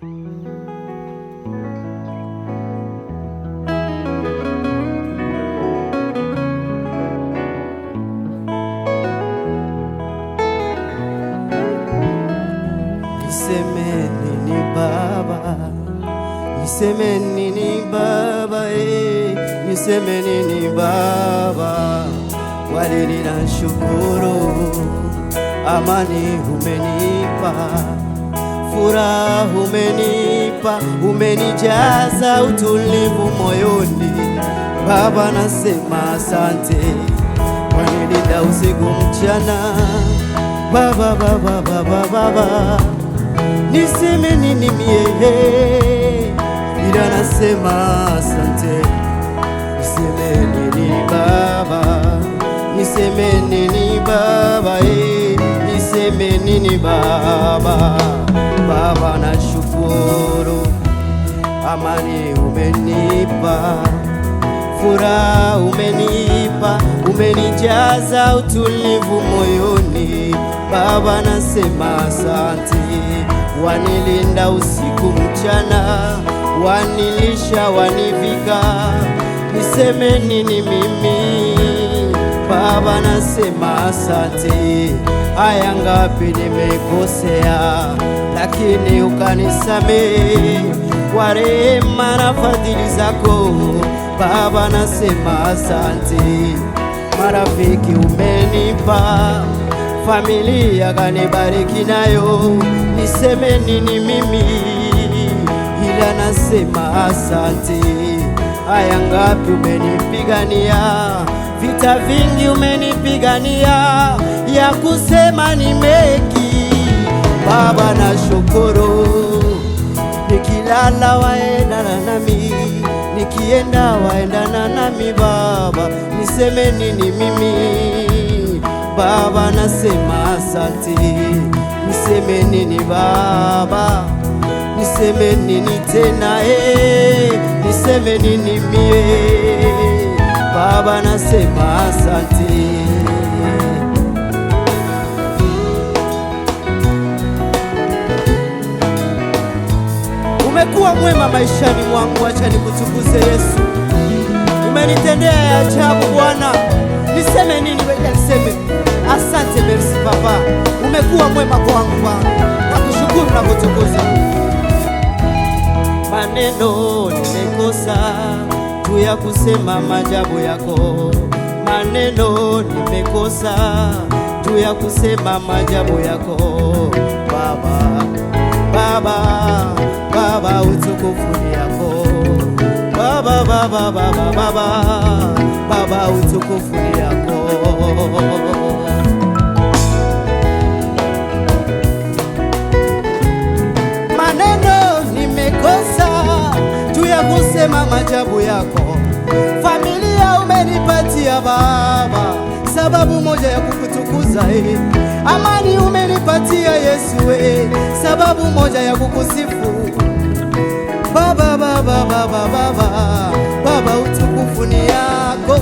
Nisemeni Baba, nisemeni ni Baba, eh, ni Baba. Kweli amani umenipa furaha umenipa, umenijaza utulivu moyoni. Baba, nasema asante, wanilinda usiku mchana. Baba, baba, baba, baba, niseme nini mie? Ila nasema asante, niseme nini baba, niseme nini baba, eh niseme nini Baba? Baba shukuru, amani umenipa, furaha umenipa, umenijaza utulivu moyoni. Baba nasema asante, wanilinda usiku mchana, wanilisha wanivika, niseme nini mimi Baba, nasema asante. Haya ngapi nimekosea, lakini ukanisame kwa rehema na fadhili zako. Baba, nasema asante. Marafiki umenipa, familia kanibariki nayo, niseme nini mimi? Ila nasema asante. Haya ngapi umenipigania vita vingi umenipigania ya kusema ni meki. Baba na shukuru, nikilala waendana nami, nikienda waendana nami. Baba niseme nini mimi? Baba nasema asante. Niseme nini baba? Niseme nini tena eh? Niseme nini mie Baba nasema asante. Umekuwa mwema maishani mwangu, acha nikutukuze Yesu. Umenitendea ya ajabu Bwana, niseme nini? Weja niseme asante, merci Baba, umekuwa mwema kwangu Bwana, nakushukuru na kutukuza. Maneno nimekosa siku ya kusema majabu yako, maneno nimekosa juu ya kusema majabu yako Baba, Baba, Baba, utukufu ni yako Baba, Baba, Baba, Baba, Baba, utukufu sema majabu yako. Familia umenipatia Baba, sababu moja ya kukutukuza e. Amani umenipatia Yesu e. sababu moja ya kukusifu Baba, Baba, Baba, Baba, Baba, utukufu ni yako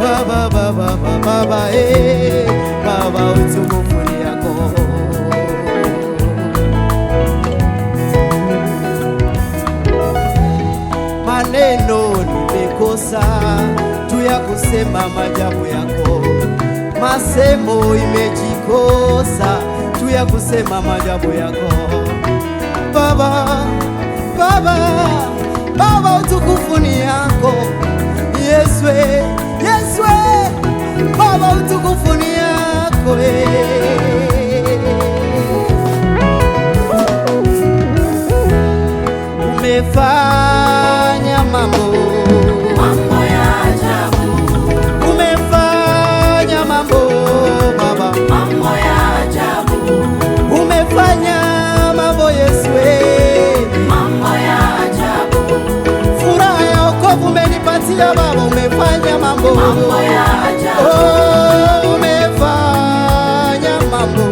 Baba, Baba, Baba, Baba, e. Baba utukufu maneno nimekosa tu ya kusema maajabu yako, masemo imejikosa tu ya kusema maajabu yako Baba, Baba, Baba, utukufu ni yako Yesu, Yesu, Baba, utukufu ni yako umefaa wokovu umenipatia Baba, umefanya mambo, mambo ya ajabu, oh, umefanya mambo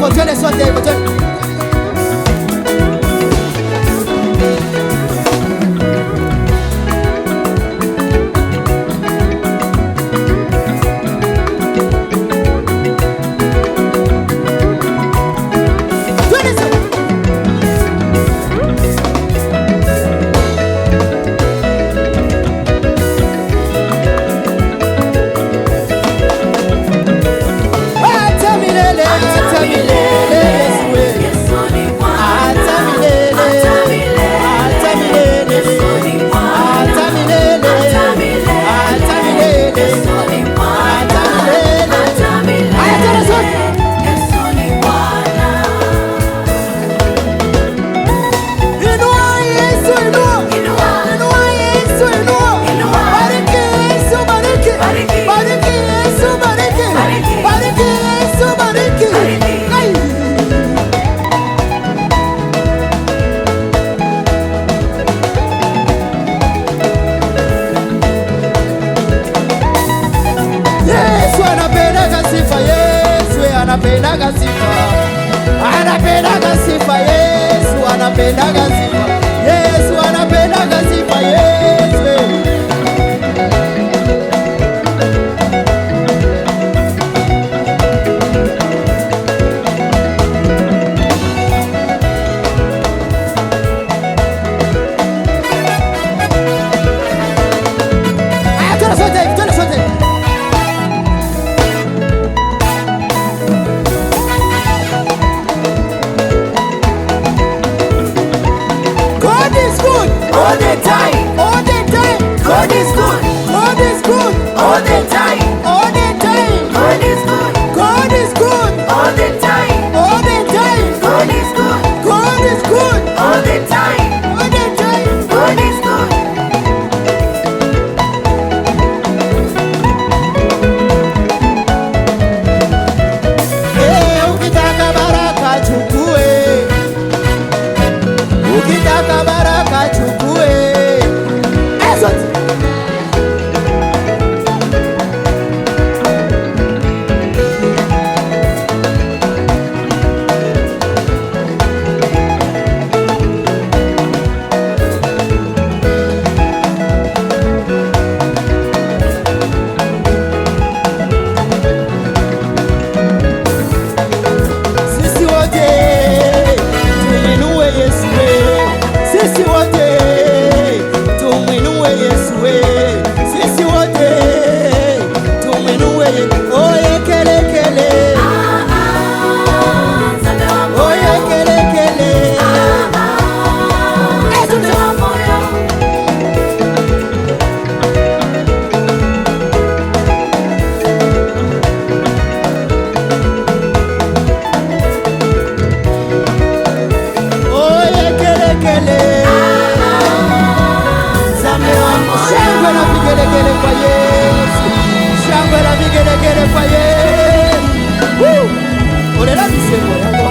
我绝算给我绝对。all the time. All the time. God is good. All is good. All the time. quiere quiere, fallar la mi que